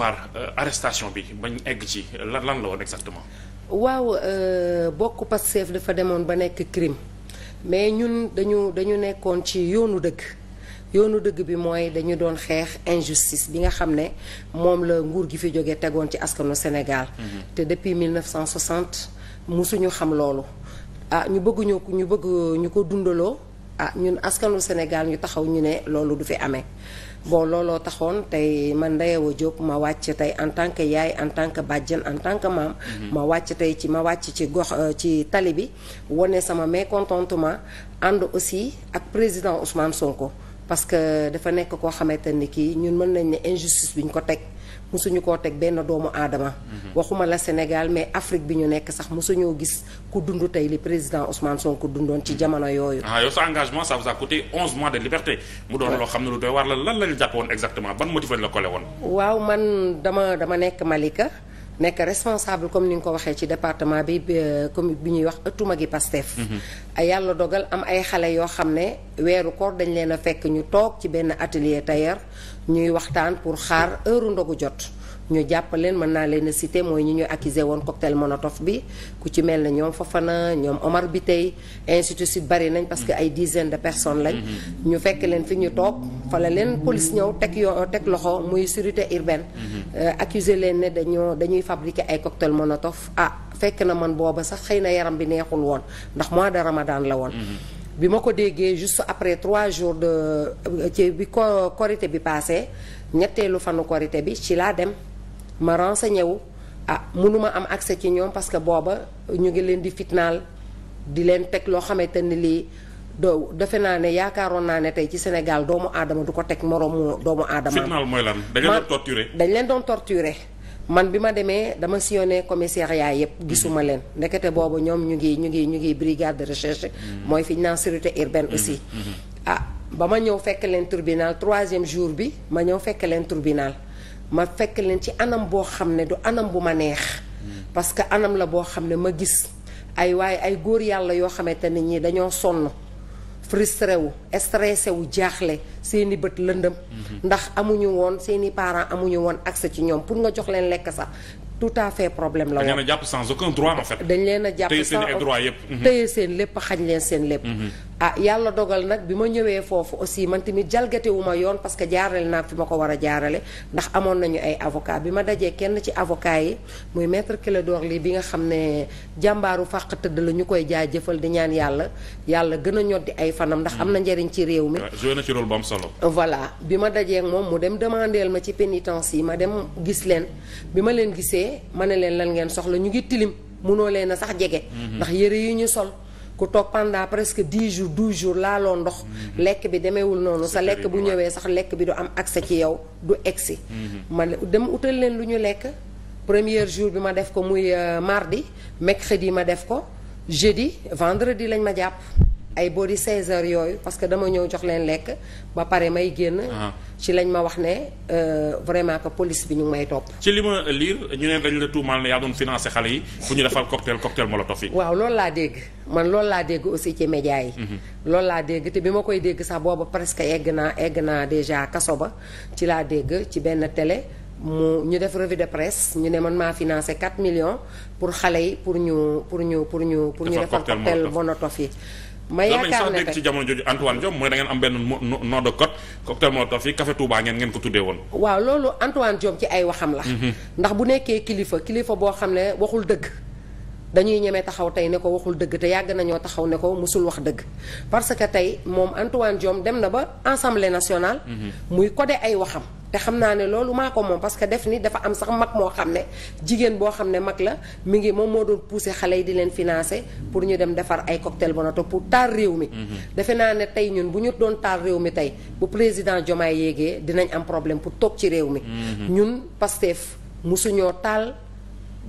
victoire euh, bi bañ egg ci lan waaw euh, bokk Pastef dafa demoon ba nekk crime mais ñun dañu dañu nekkoon ci yoonu dëgg yoonu dëgg bi mooy dañu doon xeex injustice bi nga xam ne moom la nguur gi fi jógee tegoon ci askanu Sénégal. Mhm. te depuis 1960 musuñu xam loolu. ah ñu bëgg ñu ñu bëgg ñu ko dundaloo. ah ñun askanu Sénégal ñu taxaw ñu ne loolu du fi amee bon looloo taxoon tey man Ndeyewa Diop ma wàcc tey en tant que yaay en tant que bàjjen en tant que maam. Mhm. ma wàcc tey ci ma wàcc ci gox euh, ci tali bi wane sama mécontentement ànd aussi ak président Ousmane Sonko. parce que dafa nekk koo xamante ni kii ñun mën nañ ne injustice bi ñu ko teg musuñu ko teg benn doomu aadama mhm. waxuma la Sénégal mais Afrique bi ñu nekk sax musuñoo gis ku dund tey li président Ousmane Sonko dundoon ci jamono yooyu ah yow sa engagement ça vous onze mois de liberté mu doon loo xam ne lu doy war la lan lañu jàpp woon exactement ban motif lañ la collé woon waaw man dama dama nekk Malika nekk responsable comme ni nga ko waxee ci département bi euh, comme bi ñuy wax ëttu magi a mm-hmm. yàlla dogal am ay xale yoo xam ne weeru koor dañ leen a fekk ñu toog ci benn atelier tailleur ñuy waxtaan pour xaar heure ndogu jot ñu jàpp leen mën naa leen a mooy ñu ñuy accusé woon cocktail Molotov bi ku ci mel ne ñoom Fofana ñoom Omar bi tey de suite bari nañ parce que ay dizaines de personnes lañ. Mm-hmm. ñu fekk leen fi ñu toog fa leen police ñëw teg yoo teg loxo muy surité urbaine. Mm-hmm. Euh, accusé leen ne dañoo dañuy fabriquer ay cocktail Molotov ah fekk na man booba sax xëy na yaram bi neexul woon ndax mois de Ramadan la woon. Mm-hmm. bi ma ko déggee juste après trois jours de euh, ci bi korité bi passé ñetteelu fanu korité bi ci laa dem ma renseigné wu ah mënuma am accès ci ñoom parce que booba ñu ngi leen di fitnaal di leen teg loo xamante ni lii doo defe naa ne yaakaaroon naa ne tey ci Sénégal doomu aadama du ko teg moroomu doomu aadama. fitnaal mooy lan dañ leen doon torturer. man bi ma demee dama sillonné commissariat yëpp mm-hmm. gisuma leen ndekete boobu ñoom ñu ngi ñu ngi ñu ngi brigade de recherche. Mm-hmm. mooy fi ñu naan sécurité urbaine mm-hmm. aussi. ah ba ma ñëw fekk leen tribunal troisième jour bi ma ñëw fekk leen tribunal. ma fekk leen ci anam boo xam ne du anam bu ma neex parce que anam la boo xam ne ma gis ay waaye ay góor yàlla yoo xamante ne ñii dañoo sonn frustré wu stressé wu jaaxle seeni bët lëndëm mhm. ndax amuñu woon seeni parents amuñu woon accès ci ñoom pour nga jox leen lekk sax tout à fait problème la woon dañ leen a jàpp sans dañ leen jàpp sans téye seen seen lépp xañ leen seen lépp mhm. ah yàlla dogal nag bi ma ñëwee foofu aussi man tamit jalgatewu ma yoon parce que jaarale naa fi ma ko war a jaarale ndax amoon nañu ay avocat bi ma dajee kenn ci avocat yi muy maître Clédor lii bi nga xam ne jàmbaaru fàq tëdd la ñu koy jaajëfal di ñaan yàlla yàlla gën a ñoddi ay fanam ndax am na njëriñ ci réew mi joué na voilà bi ma dajee moom mu dem demandeel ma ci pénitence yi ma dem gis leen bi ma leen gisee ma ne leen lan ngeen soxla ñu ngi tilim munoo leen a sax jege mm-hmm. ndax yëre yi ñu sol ku toog pendant presque dix jours dous jours laaloo ndox. lekk bi demeewul noonu sa lekk bu ñëwee sax lekk bi du am accès ci yow du egsi. Mhm. ma dem utal leen lu ñu lekk premier jour bi ma def ko muy euh, mardi mercredi ma def ko jeudi vendredi lañ ma jàpp. ay boori 16 heures yooyu parce que dama ñëw jox leen lekk ba pare may génn. Ah. ci lañ ma wax ne euh, vraiment que police bi ñu may topp. ci li ma liir ñu ne dañ la tuumaal ne yaa doon financé xale yi fu ñu defal cocktail cocktail yi. waaw loolu laa dégg man loolu laa dégg aussi ci média yi. Mhm. loolu laa dégg te bi ma koy dégg sax booba presque egg naa egg naa déjà kaso ba ci laa dégg ci benn télé. mu ñu def revue de presse ñu ne man maa financé 4 million pour xale yi pour ñu pour ñu pour ñu. pour ñu defal cocktail molotov yi. ma yaakaar ne dégg ci jamono jooju Antoine Diome mooy da ngeen am benn nom de code cocktail Molotov yi café Touba ngeen ngeen ko tuddee woon waaw loolu Antoine Diome ci ay waxam la mhm. ndax bu nekkee kilifa kilifa boo xam ne waxul dëgg dañuy ñeme taxaw tey ne ko waxul dëgg te yàgg nañoo taxaw ne ko musul wax dëgg parce que tey moom Antoine Diome dem na ba assemblée nationale. Mhm. muy codé ay waxam. te xam naa ne loolu maa ko moom parce que def ni dafa am sax mag moo xam ne jigéen boo xam ne mag la mu ngi moom moo doon pousser xale yi di leen financer pour ñu dem defar ay cocktail Molotov pour taal réew mi. Mhm. defe naa ne tey ñun bu ñu doon taal réew mi tey bu président Diomaye yéegee dinañ am problème pour toog ci réew mi. Mhm. ñun Pastef musuñoo taal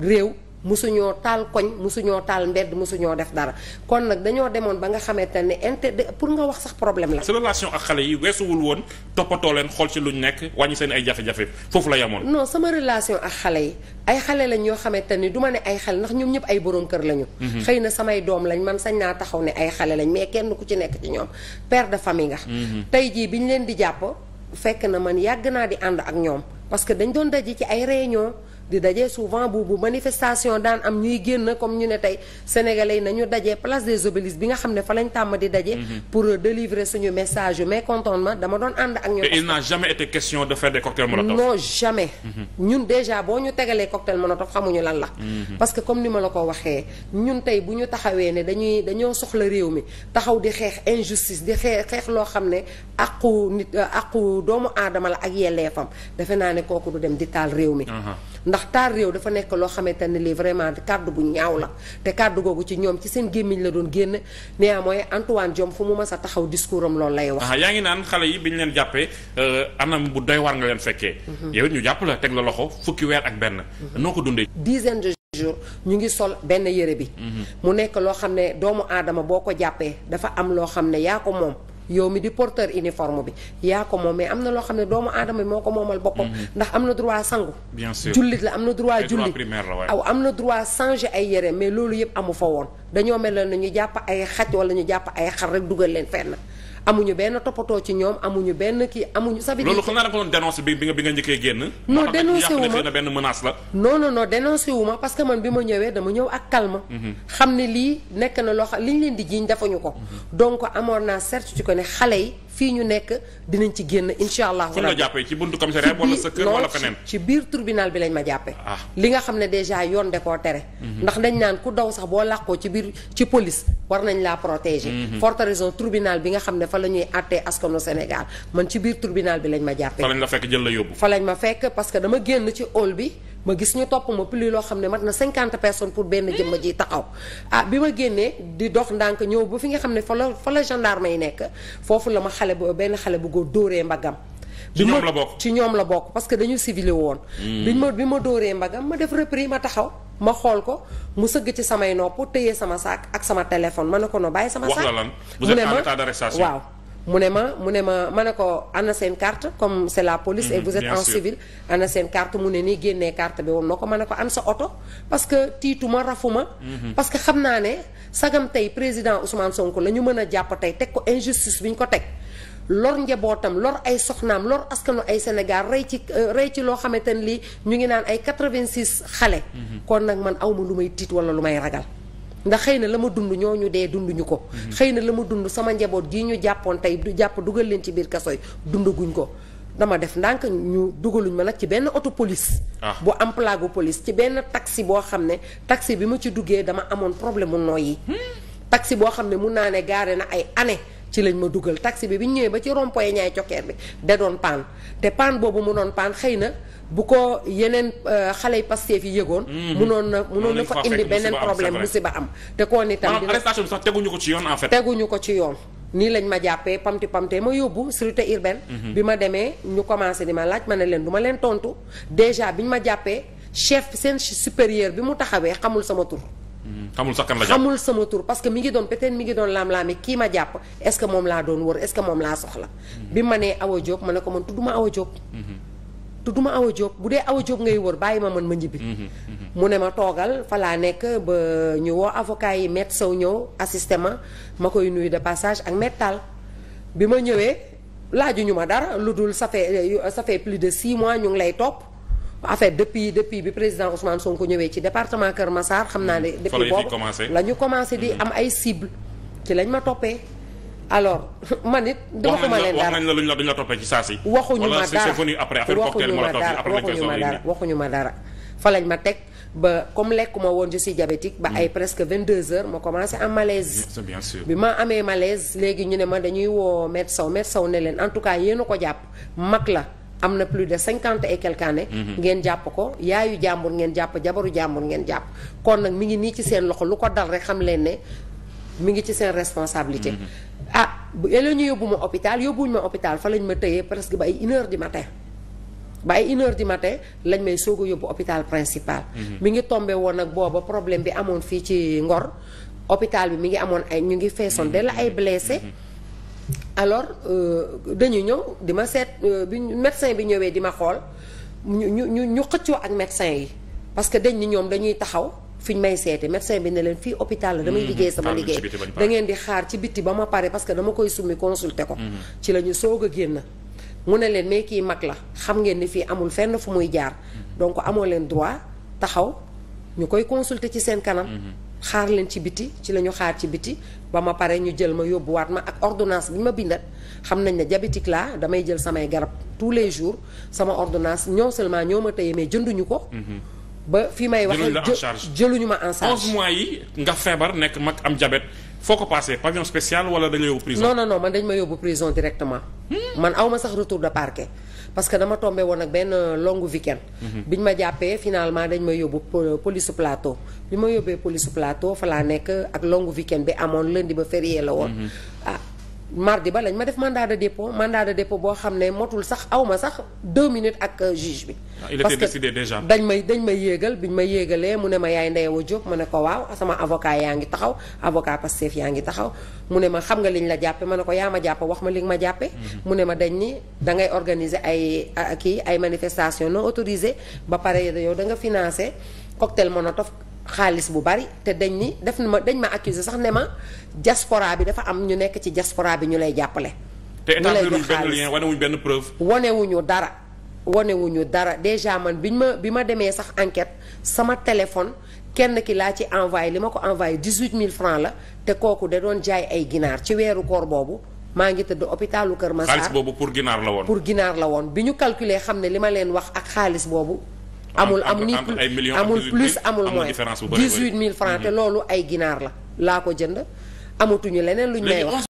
réew. mosuñoo taal koñ musuñoo taal mbedd musuñoo def dara kon nag dañoo demoon ba nga xamante ne inter pour nga wax sax problème la. sa relation ak xale yi weesuwul woon toppatoo leen xool ci luñ nekk wàññi seen ay jafe-jafe foofu la yamoon. non sama relation ak xale yi ay xale lañ ñoo xamante ni du ma ne ay xale ndax ñoom ñëpp ay borom kër lañu. Mhm. xëy na samay doom lañ man sañ naa taxaw ne ay xale lañ mais kenn ku ci nekk ci ñoom per de famille nga. Mhm. tey jii bi ñu leen di jàpp fekk na man yàgg naa di ànd ak ñoom parce que dañ doon daje ci ay réunion di daje souvent bu bu manifestation daan am ñuy génn comme ñu ne tey sénégalais yi nañu daje place de obélisques bi nga xam ne fa lañ tàmm di daje. Mhm. pour euh, délivrer suñu message yu mécontentement dama doon ànd ak. ñoom et il n'a jamais été question de faire des cocktails molotov. non jamais. Mhm. ñun déjà boo ñu tegalee cocktail molotov xamuñu lan la. Mhm. parce que comme ni ma la ko waxee ñun tey bu ñu taxawee ne dañuy dañoo soxla réew mi taxaw di xeex injustice di xeex xeex loo xam ne àqu nit àqu doomu aadama la ak yelleefam defe naa ne kooku dem di taal réew mi. ndax taar réew dafa nekk loo xamante ne lii vraiment kàddu bu ñaaw la te kàddu googu ci ñoom ci seen gémmiñ la doon génn néa mooy Antoine Diome fu mu mës a taxaw discours am loolu lay wax yaa ngi naan xale yi bi ñu leen jàppee euh, anam bu doy war nga leen fekkee mhm. yow ñu jàpp la teg la loxo fukki weer ak benn mhm. noo ko dundee dizaine de jours ñu ngi sol benn yére bi mhm. mu nekk loo xam ne doomu aadama boo ko jàppee dafa am loo xam ne yaa ko moom yow mi di porteur uniforme bi yaa ko moom mais am na loo xam ne doomu aadama bi moo ko moomal boppam mhm. ndax am na droit sangu bien sûr jullit la am na droit julli aw am na droit changer ay yére mais loolu yëpp amu fa woon dañoo mel na ñu jàpp ay xaj wala ñu jàpp ay xar rek dugal leen na amuñu benn toppatoo ci ñoom amuñu benn kii amuñu. ça veut dire loolu xam naa da nga ko doon dénoncé bi nga bi nga njëkkee génn. non dénoncé wu ma benn menace la. non non non dénoncé wu ma parce que man bi ma ñëwee dama ñëw ak calme. Mhm. xam ne lii nekk na loo xam li ñu leen di jiiñ defuñu ko. Mhm. donc amoon naa certitude ko ne xale yi fii ñu nekk dinañ ci génn incha allah. fu la jàppee ci buntu commissariat wala sa kër wala feneen ci biir tribunal bi lañ ma jàppee. Ah. li nga xam ne dèjà yoon da koo tere. Mhm. ndax dañ naan ku daw sax boo làqoo ci biir ci police war nañ laa protéger. Mhm. forte raison tribunal bi nga xam ne fa la ñuy àttee askanu Sénégal man ci biir tribunal bi lañ ma jàppee. fa lañ la fekk jël la yóbbu. fa lañ ma fekk parce que dama génn ci hall bi. ma gis ñu topp ma plus loo xam ne mat na cinquante personnes pour benn jëmma ji taxaw ah bi ma génnee di dox ndànk ñëw ba fi nga xam ne fa la fa la gendarme yi nekk foofu la ma xale bu benn xale bu góor dóoree mbagam ci ñoom la bokk ci ñoom la bokk parce que dañu civilé woon hmm. bi ma bi ma dooree mbagam ma def repris ma taxaw ma xool ko mu sëgg ci samay nopp téye sama saak ak sama téléphone man ne ko no bàyyi sama saak mu waaw mu ne ma mu ne ma ma ne ko ana seen carte comme c'est la police. et mhm, vous êtes en civil. ana seen carte mu ne nii génnee carte bi woon na ko man ne ko am sa oto parce que tiituma rafuma. Mhm. parce que xam naa ne sagam tey président Ousmane Sonko la ñu mën a jàpp tey teg ko injustice bi ñu ko teg. lor njabootam lor ay soxnaam lor askanu ay Sénégal rey ci euh, rey ci loo xamante ne lii ñu ngi naan ay 86 xale. Mhm. kon nag man awma lu may tiit wala lu may ragal. ndax xëy na la ma dund ñoo ñu dee dunduñu ko. Mhm. xëy na la ma dund sama njaboot gii ñu jàppoon tey du jàpp dugal leen ci biir kaso dundaguñ ko. dama def ndànk ñu dugaluñ ma nag ci benn auto police. Ah. bu am plaque police ci benn taxi boo xam ne taxi bi mu ci duggee dama amoon problème mu noyyi. Hmm. taxsi boo xam ne mun naa ne gaare na ay année ci lañ ma dugal taxi bi bi ñu ñëwee ba ci rond ñaay cokkeer bi da doon paan te paan boobu mu doon paan xëy na. bu ko yeneen euh, xale yi Pastef yi yëgoon. Mhm. munoon na munoon na fa indi beneen problème ba am. te koo ni tam dina arrestation sax teguñu ko ci yoon en fait. ko ci yoon. nii lañ ma jàppee pamti pamte ma yóbbu sûreté urbaine. Mhm. bi ma demee ñu commencé di ma laaj ma ne leen du ma leen tontu déjà biñ ma jàppee chef seen supérieur bi mu taxawee xamul sama tur. Mhm. xamul sax kan la jàpp xamul sama tur parce que ngi doon peut-être mi ngi doon laam-laami kii ma jàpp est-ce que moom laa doon wër est moom laa soxla. bi ma nee Awa Diop ma ne ko man tudduma Awa Diop. te du ma awa jóob bu dee awa jóob ngay wër bàyyi ma mën ma ñibbi. Mhm, mhm, mhm. mu ne ma toogal fa laa nekk ba ñu woo avocat yi mett saw ñëw assisté ma ma koy nuyu de passage ak maître bi ma ñëwee laajuñu ma dara lu dul ça fait euh, ça plus de six mois ñu ngi lay topp. en fait depuis depuis bi président Ousmane ko ñëwee ci département Kër Massar xam naa ne. depuis boobu la ñu commencé di am ay cible ci lañ ma toppee. alors man it. waxuma leen dara wax nañ la wax nañ la luñ ma dara waxuñu ma dara fa lañ ma teg ba comme lekkuma woon je suis diabétique ba ay mm. presque 22 heures ma commencé am malaise. c'est bien sûr bi ma amee malaise léegi ñu ne ma dañuy woo Maître Sow Maître Sow ne leen en tout cas yéen ko jàpp mag la. am na plus de cinquante et quelques années mm-hmm. ngeen jàpp ko yaayu jàmbur ngeen jàpp jabaru jàmbur ngeen jàpp kon nag mi ngi nii ci seen loxo lu ko dal rek xam leen ne mu ngi ci seen responsabilité mm-hmm. ah la ñu yóbbu ma hôpital yóbbuñ ma hôpital fa lañ ma tëyee presque ba ay une du matin ba ay une heure du matin lañ may soog a yóbbu hôpital principal mhm. mi ngi tombé woon ak booba problème bi amoon fii ci Ngor hôpital bi mi ngi amoon ay ñu ngi feesoon de la ay blessé mhm. alors euh, dañu ñëw di ma seet euh, bi médecin bi ñëwee di ma xool ñu ñu ñu xëccoo ak médecin yi parce que dañ ni ñoom dañuy taxaw fiñ may seeti médecin bi ne leen fii hôpital la damay mhm. liggéey sama liggéey dangeen di xaar ci bitti ba ma pare parce que dama koy summi consulter ko mhm. ci la ñu soog a génn mu ne leen mais kii mag la xam ngeen ni fii amul fenn fu muy jaar mhm. donc amoo leen droit taxaw ñu koy consulter ci seen kanam xaar leen ci bitti ci la ñu xaar ci biti ba ma pare ñu jël ma yóbbuwaat ma ak ordonnance bi ma bindat xam nañ ne diabétique laa damay jël samay garab tous les jours sama ordonnance non seulement ñoo ma tëye mais jënduñu ko ba fi may waxee jëluñu la en charge jëluñu ma en charge. mois yi nga feebar nekk mag am jabet foo ko passé pavillon spécial wala dañ la yóbbu prison. non non non man dañ ma yóbbu prison directement. Hmm? man aw ma sax retour de parke parce que dama tombe woon ak benn euh, longu weekend hmm. ñu ma jàppee finalement dañ ma yóbbu euh, police plateau bi ma yóbbee police plateau fa laa nekk ak longu weekend bi amoon lundi ba férié la woon. Hmm. Ah, mardi ba lañ ma def mandat de dépôt mandat de dépôt boo xam ne motul sax aw ma sax deux minutes ak euh, juge bi. Ah, parce que dañ may dañ may yéegal ñu ma yéegalee mu ne ma yaay ndeyewa Diop ma ne ko waaw sama avocat yaa ngi taxaw avocat Pastef yaa ngi taxaw mu ne ma xam nga liñ la jàppe ma ne ko yaa ma jàpp wax ma li ma jàppe mhm. mu ne ma dañ ni dangay ngay organiser ay kii ay manifestation non autorisée ba pare yow da nga financer cocktail Molotov xaalis bu bari te dañ ni def na ma dañ ma accuser sax ne ma diaspora bi dafa am ñu nekk ci diaspora bi ñu lay jàppale. ñu lay jox xaalis te état wanewuñu benn preuve. wanewuñu dara dara déjà man biñ ma bi ma demee sax enquête sama téléphone kenn ki laa ci envoyé li ma ko envoyé dix huit mille francs la te kooku da doon jaay ay ginaar ci weeru koor boobu. maa ngi tëdd hôpitalu Kër Massar xaalis boobu pour ginaar la woon. pour ginaar la woon bi ñu calculer xam ne li ma leen wax ak xaalis boobu. amul am ni amul plus amul moins dix-huit mille francs te mm-hmm. loolu ay ginaar la laa ko jënd amatuñu leneen luñ may wax